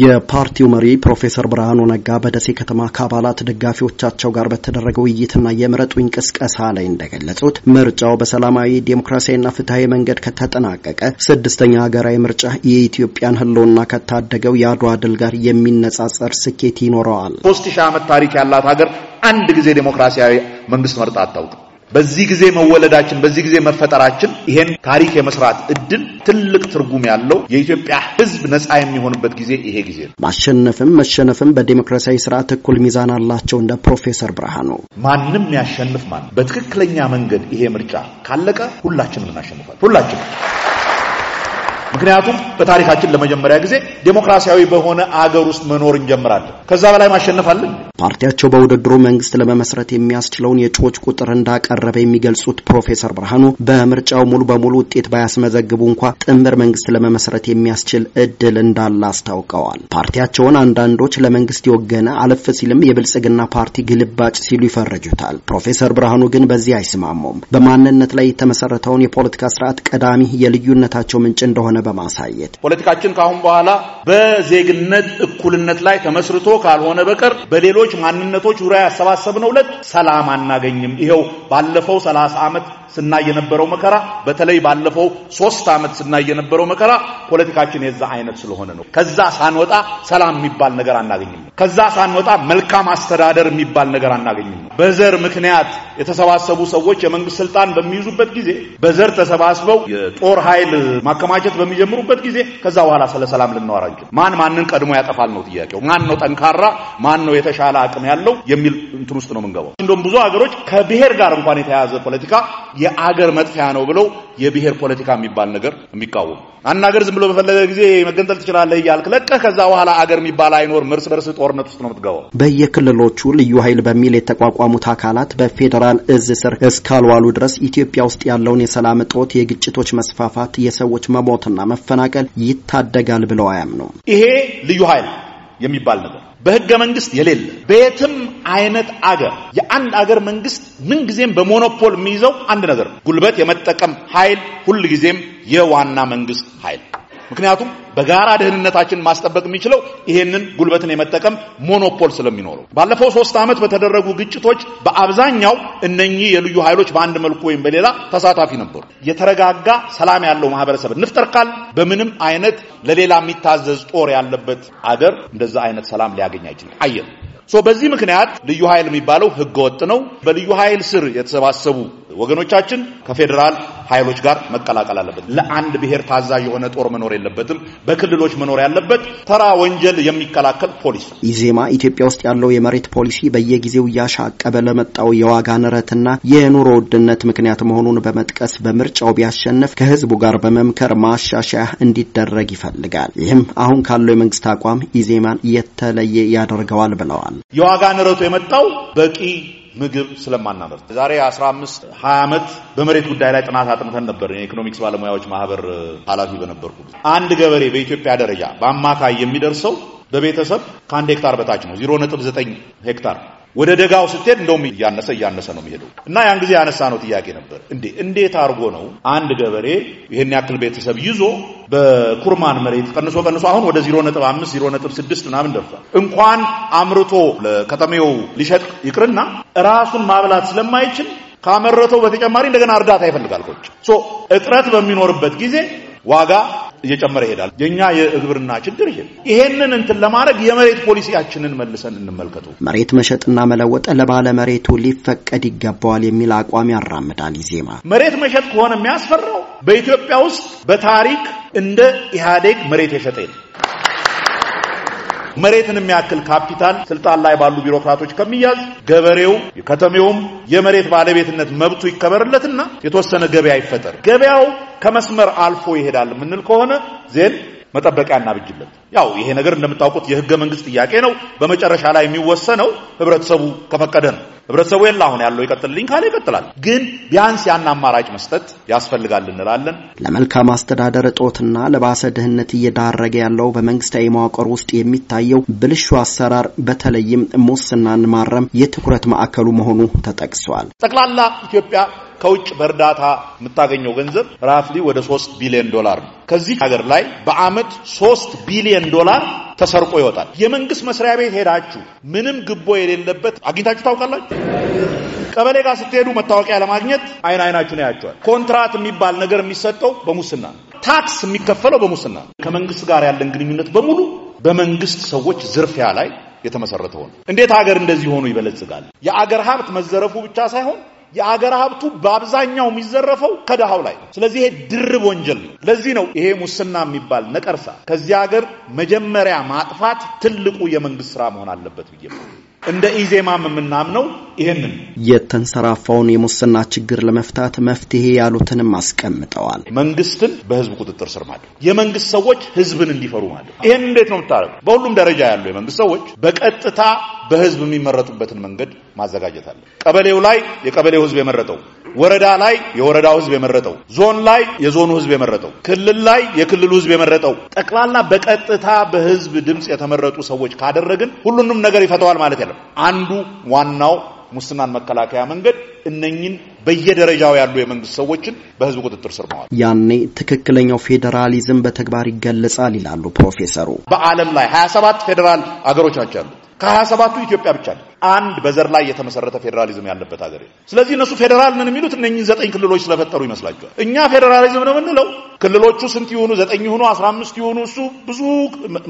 የፓርቲው መሪ ፕሮፌሰር ብርሃኑ ነጋ በደሴ ከተማ ከአባላት ደጋፊዎቻቸው ጋር በተደረገ ውይይትና የምረጡኝ ቅስቀሳ ላይ እንደገለጹት ምርጫው በሰላማዊ ዴሞክራሲያዊና ፍትሐዊ መንገድ ከተጠናቀቀ ስድስተኛ ሀገራዊ ምርጫ የኢትዮጵያን ሕልውና ከታደገው የአድዋ ድል ጋር የሚነጻጸር ስኬት ይኖረዋል። ሶስት ሺህ ዓመት ታሪክ ያላት ሀገር አንድ ጊዜ ዴሞክራሲያዊ መንግስት መርጣ አታውቅም። በዚህ ጊዜ መወለዳችን፣ በዚህ ጊዜ መፈጠራችን ይሄን ታሪክ የመስራት እድል ትልቅ ትርጉም ያለው የኢትዮጵያ ሕዝብ ነፃ የሚሆንበት ጊዜ ይሄ ጊዜ ነው። ማሸነፍም መሸነፍም በዲሞክራሲያዊ ስርዓት እኩል ሚዛን አላቸው። እንደ ፕሮፌሰር ብርሃኑ ማንም ያሸንፍ ማንም በትክክለኛ መንገድ ይሄ ምርጫ ካለቀ ሁላችንም እናሸንፋለን። ሁላችንም ምክንያቱም በታሪካችን ለመጀመሪያ ጊዜ ዴሞክራሲያዊ በሆነ አገር ውስጥ መኖር እንጀምራለን። ከዛ በላይ ማሸነፋለን ፓርቲያቸው በውድድሩ መንግስት ለመመስረት የሚያስችለውን የእጩዎች ቁጥር እንዳቀረበ የሚገልጹት ፕሮፌሰር ብርሃኑ በምርጫው ሙሉ በሙሉ ውጤት ባያስመዘግቡ እንኳ ጥምር መንግስት ለመመስረት የሚያስችል እድል እንዳለ አስታውቀዋል። ፓርቲያቸውን አንዳንዶች ለመንግስት የወገነ አለፍ ሲልም የብልጽግና ፓርቲ ግልባጭ ሲሉ ይፈረጁታል። ፕሮፌሰር ብርሃኑ ግን በዚህ አይስማሙም። በማንነት ላይ የተመሰረተውን የፖለቲካ ስርዓት ቀዳሚ የልዩነታቸው ምንጭ እንደሆነ በማሳየት ፖለቲካችን ከአሁን በኋላ በዜግነት እኩልነት ላይ ተመስርቶ ካልሆነ በቀር በሌሎች ማንነቶች ዙሪያ ያሰባሰብነው ዕለት ሰላም አናገኝም። ይኸው ባለፈው ሰላሳ ዓመት ስናይ የነበረው መከራ፣ በተለይ ባለፈው ሶስት ዓመት ስናይ የነበረው መከራ ፖለቲካችን የዛ አይነት ስለሆነ ነው። ከዛ ሳንወጣ ሰላም የሚባል ነገር አናገኝም። ከዛ ሳንወጣ መልካም አስተዳደር የሚባል ነገር አናገኝም። በዘር ምክንያት የተሰባሰቡ ሰዎች የመንግስት ስልጣን በሚይዙበት ጊዜ በዘር ተሰባስበው የጦር ኃይል ማከማቸት በሚጀምሩበት ጊዜ ከዛ በኋላ ስለ ሰላም ልናወራ እንችል። ማን ማንን ቀድሞ ያጠፋል ነው ጥያቄው። ማን ነው ጠንካራ፣ ማን ነው የተሻለ አቅም ያለው የሚል እንትን ውስጥ ነው የምንገባው። እንደውም ብዙ ሀገሮች ከብሔር ጋር እንኳን የተያያዘ ፖለቲካ የአገር መጥፊያ ነው ብለው የብሔር ፖለቲካ የሚባል ነገር የሚቃወሙ አንድ ሀገር ዝም ብሎ በፈለገ ጊዜ መገንጠል ትችላለህ እያልክ ለቀህ ከዛ በኋላ አገር የሚባል አይኖርም። እርስ በርስ ጦርነት ውስጥ ነው የምትገባው። በየክልሎቹ ልዩ ኃይል በሚል የተቋቋሙት አካላት በፌዴራል እዝ ስር እስካልዋሉ ድረስ ኢትዮጵያ ውስጥ ያለውን የሰላም እጦት፣ የግጭቶች መስፋፋት፣ የሰዎች መሞት ግጭትና መፈናቀል ይታደጋል ብለው አያምኑም። ይሄ ልዩ ኃይል የሚባል ነገር በህገ መንግስት የሌለ በየትም አይነት አገር የአንድ አገር መንግስት ምንጊዜም በሞኖፖል የሚይዘው አንድ ነገር ነው። ጉልበት የመጠቀም ኃይል ሁልጊዜም የዋና መንግስት ኃይል ምክንያቱም በጋራ ደህንነታችን ማስጠበቅ የሚችለው ይሄንን ጉልበትን የመጠቀም ሞኖፖል ስለሚኖረው። ባለፈው ሶስት ዓመት በተደረጉ ግጭቶች በአብዛኛው እነኚህ የልዩ ኃይሎች በአንድ መልኩ ወይም በሌላ ተሳታፊ ነበሩ። የተረጋጋ ሰላም ያለው ማህበረሰብ ንፍጠር ካል በምንም አይነት ለሌላ የሚታዘዝ ጦር ያለበት አገር እንደዛ አይነት ሰላም ሊያገኝ አይችልም። አየር ሶ በዚህ ምክንያት ልዩ ኃይል የሚባለው ህገ ወጥ ነው። በልዩ ኃይል ስር የተሰባሰቡ ወገኖቻችን ከፌዴራል ኃይሎች ጋር መቀላቀል አለበት። ለአንድ ብሔር ታዛዥ የሆነ ጦር መኖር የለበትም። በክልሎች መኖር ያለበት ተራ ወንጀል የሚከላከል ፖሊስ። ኢዜማ ኢትዮጵያ ውስጥ ያለው የመሬት ፖሊሲ በየጊዜው እያሻቀበ ለመጣው የዋጋ ንረትና የኑሮ ውድነት ምክንያት መሆኑን በመጥቀስ በምርጫው ቢያሸንፍ ከህዝቡ ጋር በመምከር ማሻሻያ እንዲደረግ ይፈልጋል። ይህም አሁን ካለው የመንግስት አቋም ኢዜማን የተለየ ያደርገዋል ብለዋል። የዋጋ ንረቱ የመጣው በቂ ምግብ ስለማናመርት ዛሬ 15 20 ዓመት በመሬት ጉዳይ ላይ ጥናት አጥንተን ነበር። የኢኮኖሚክስ ባለሙያዎች ማህበር ኃላፊ በነበርኩ አንድ ገበሬ በኢትዮጵያ ደረጃ በአማካይ የሚደርሰው በቤተሰብ ከአንድ ሄክታር በታች ነው። 0.9 ሄክታር ወደ ደጋው ስትሄድ እንደውም እያነሰ እያነሰ ነው የሚሄደው እና ያን ጊዜ ያነሳ ነው ጥያቄ ነበር እንዴ እንዴት አድርጎ ነው አንድ ገበሬ ይህን ያክል ቤተሰብ ይዞ በኩርማን መሬት ቀንሶ ቀንሶ አሁን ወደ ነጥብ ስድስት ምናምን ደርሷል። እንኳን አምርቶ ለከተሜው ሊሸጥ ይቅርና ራሱን ማብላት ስለማይችል ካመረተው በተጨማሪ እንደገና እርዳታ ይፈልጋል። እጥረት በሚኖርበት ጊዜ ዋጋ እየጨመረ ይሄዳል። የእኛ የግብርና ችግር ይሄ ይሄንን እንትን ለማድረግ የመሬት ፖሊሲያችንን መልሰን እንመልከቱ። መሬት መሸጥና መለወጥ ለባለ መሬቱ ሊፈቀድ ይገባዋል የሚል አቋም ያራምዳል ኢዜማ። መሬት መሸጥ ከሆነ የሚያስፈራው በኢትዮጵያ ውስጥ በታሪክ እንደ ኢህአዴግ መሬት የሸጠ መሬትን የሚያክል ካፒታል ስልጣን ላይ ባሉ ቢሮክራቶች ከሚያዝ ገበሬው ከተሜውም የመሬት ባለቤትነት መብቱ ይከበርለትና የተወሰነ ገበያ ይፈጠር። ገበያው ከመስመር አልፎ ይሄዳል የምንል ከሆነ ዜን መጠበቂያ እናብጅለት። ያው ይሄ ነገር እንደምታውቁት የህገ መንግስት ጥያቄ ነው። በመጨረሻ ላይ የሚወሰነው ህብረተሰቡ ከፈቀደ ነው። ህብረተሰቡ የለ አሁን ያለው ይቀጥልልኝ ካለ ይቀጥላል። ግን ቢያንስ ያን አማራጭ መስጠት ያስፈልጋል እንላለን። ለመልካም አስተዳደር እጦትና ለባሰ ድህነት እየዳረገ ያለው በመንግስታዊ መዋቅር ውስጥ የሚታየው ብልሹ አሰራር በተለይም ሙስናን ማረም የትኩረት ማዕከሉ መሆኑ ተጠቅሷል። ጠቅላላ ኢትዮጵያ ከውጭ በእርዳታ የምታገኘው ገንዘብ ራፍሊ ወደ ሶስት ቢሊዮን ዶላር ነው። ከዚህ ሀገር ላይ በአመት ሶስት ቢሊዮን ዶላር ተሰርቆ ይወጣል። የመንግስት መስሪያ ቤት ሄዳችሁ ምንም ግቦ የሌለበት አግኝታችሁ ታውቃላችሁ? ቀበሌ ጋር ስትሄዱ መታወቂያ ለማግኘት አይን አይናችሁን ያያቸዋል። ኮንትራት የሚባል ነገር የሚሰጠው በሙስና ታክስ የሚከፈለው በሙስና ከመንግስት ጋር ያለን ግንኙነት በሙሉ በመንግስት ሰዎች ዝርፊያ ላይ የተመሰረተ ሆነ። እንዴት ሀገር እንደዚህ ሆኖ ይበለጽጋል? የአገር ሀብት መዘረፉ ብቻ ሳይሆን የአገር ሀብቱ በአብዛኛው የሚዘረፈው ከድሃው ላይ ነው። ስለዚህ ይሄ ድርብ ወንጀል ነው። ለዚህ ነው ይሄ ሙስና የሚባል ነቀርሳ ከዚህ ሀገር መጀመሪያ ማጥፋት ትልቁ የመንግስት ስራ መሆን አለበት ብዬ እንደ ኢዜማም የምናምነው ይህንን የተንሰራፋውን የሙስና ችግር ለመፍታት መፍትሄ ያሉትንም አስቀምጠዋል። መንግስትን በህዝብ ቁጥጥር ስር ማድረግ፣ የመንግስት ሰዎች ህዝብን እንዲፈሩ ማድረግ። ይህን እንዴት ነው የምታደርገው? በሁሉም ደረጃ ያሉ የመንግስት ሰዎች በቀጥታ በህዝብ የሚመረጡበትን መንገድ ማዘጋጀት አለ። ቀበሌው ላይ የቀበሌው ህዝብ የመረጠው ወረዳ ላይ የወረዳው ህዝብ የመረጠው፣ ዞን ላይ የዞኑ ህዝብ የመረጠው፣ ክልል ላይ የክልሉ ህዝብ የመረጠው፣ ጠቅላላ በቀጥታ በህዝብ ድምፅ የተመረጡ ሰዎች ካደረግን ሁሉንም ነገር ይፈተዋል ማለት ያለ አንዱ ዋናው ሙስናን መከላከያ መንገድ እነኝን በየደረጃው ያሉ የመንግስት ሰዎችን በህዝብ ቁጥጥር ስር መዋል። ያኔ ትክክለኛው ፌዴራሊዝም በተግባር ይገለጻል ይላሉ ፕሮፌሰሩ። በዓለም ላይ 27 ፌዴራል አገሮች ናቸው ያሉት። ከ27ቱ ኢትዮጵያ ብቻ ነው። አንድ በዘር ላይ የተመሰረተ ፌዴራሊዝም ያለበት ሀገር የለም። ስለዚህ እነሱ ፌዴራል ነን የሚሉት እነኚህን ዘጠኝ ክልሎች ስለፈጠሩ ይመስላቸዋል። እኛ ፌዴራሊዝም ነው የምንለው ክልሎቹ ስንት ይሆኑ? ዘጠኝ ይሆኑ? አስራ አምስት ይሆኑ? እሱ ብዙ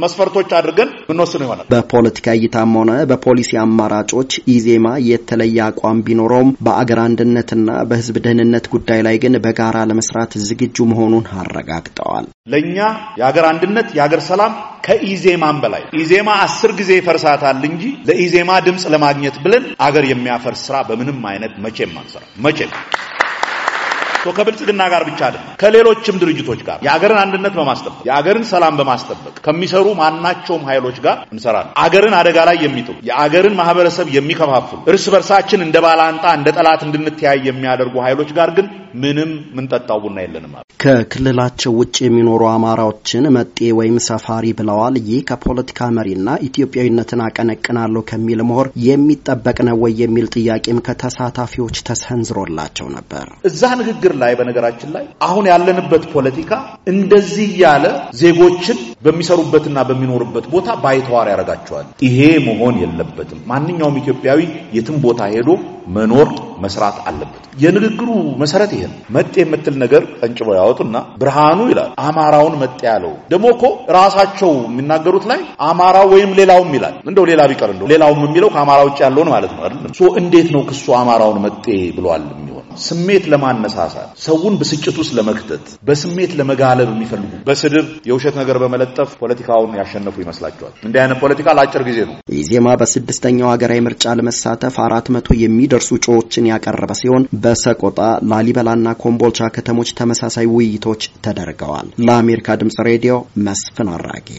መስፈርቶች አድርገን ምንወስኑ ይሆናል። በፖለቲካ እይታም ሆነ በፖሊሲ አማራጮች ኢዜማ የተለየ አቋም ቢኖረውም በአገር አንድነትና በህዝብ ደህንነት ጉዳይ ላይ ግን በጋራ ለመስራት ዝግጁ መሆኑን አረጋግጠዋል። ለእኛ የአገር አንድነት የአገር ሰላም ከኢዜማም በላይ ኢዜማ አስር ጊዜ ይፈርሳታል እንጂ ለኢዜማ ድምፅ ለማግኘት ብለን አገር የሚያፈርስ ስራ በምንም አይነት መቼም አንሰራ መቼም ከብልጽግና ጋር ብቻ አይደለም ከሌሎችም ድርጅቶች ጋር የአገርን አንድነት በማስጠበቅ የአገርን ሰላም በማስጠበቅ ከሚሰሩ ማናቸውም ኃይሎች ጋር እንሰራለን። አገርን አደጋ ላይ የሚጥሉ የአገርን ማህበረሰብ የሚከፋፍሉ እርስ በርሳችን እንደ ባላንጣ እንደ ጠላት እንድንተያይ የሚያደርጉ ኃይሎች ጋር ግን ምንም ምንጠጣው ቡና የለንም። ከክልላቸው ውጭ የሚኖሩ አማራዎችን መጤ ወይም ሰፋሪ ብለዋል። ይህ ከፖለቲካ መሪና ኢትዮጵያዊነትን አቀነቅናለሁ ከሚል ምሁር የሚጠበቅ ነው ወይ የሚል ጥያቄም ከተሳታፊዎች ተሰንዝሮላቸው ነበር። እዛ ንግግር ላይ በነገራችን ላይ አሁን ያለንበት ፖለቲካ እንደዚህ እያለ ዜጎችን በሚሰሩበትና በሚኖሩበት ቦታ ባይተዋር ያደርጋቸዋል። ይሄ መሆን የለበትም። ማንኛውም ኢትዮጵያዊ የትም ቦታ ሄዶ መኖር መስራት አለበት። የንግግሩ መሰረት ይሄ ነው። መጤ የምትል ነገር ቀንጭበው ያወጡና ብርሃኑ ይላል አማራውን መጤ ያለው ደግሞ እኮ ራሳቸው የሚናገሩት ላይ አማራ ወይም ሌላውም ይላል። እንደው ሌላ ቢቀር እንደው ሌላውም የሚለው ከአማራ ውጭ ያለውን ማለት ነው አይደለም። እንዴት ነው ክሱ አማራውን መጤ ብሏል? ስሜት ለማነሳሳት ሰውን ብስጭት ውስጥ ለመክተት በስሜት ለመጋለብ የሚፈልጉ በስድብ የውሸት ነገር በመለጠፍ ፖለቲካውን ያሸነፉ ይመስላቸዋል። እንዲህ አይነት ፖለቲካ ለአጭር ጊዜ ነው። ኢዜማ በስድስተኛው ሀገራዊ ምርጫ ለመሳተፍ አራት መቶ የሚደርሱ እጩዎችን ያቀረበ ሲሆን በሰቆጣ ላሊበላና ኮምቦልቻ ከተሞች ተመሳሳይ ውይይቶች ተደርገዋል። ለአሜሪካ ድምጽ ሬዲዮ መስፍን አራጌ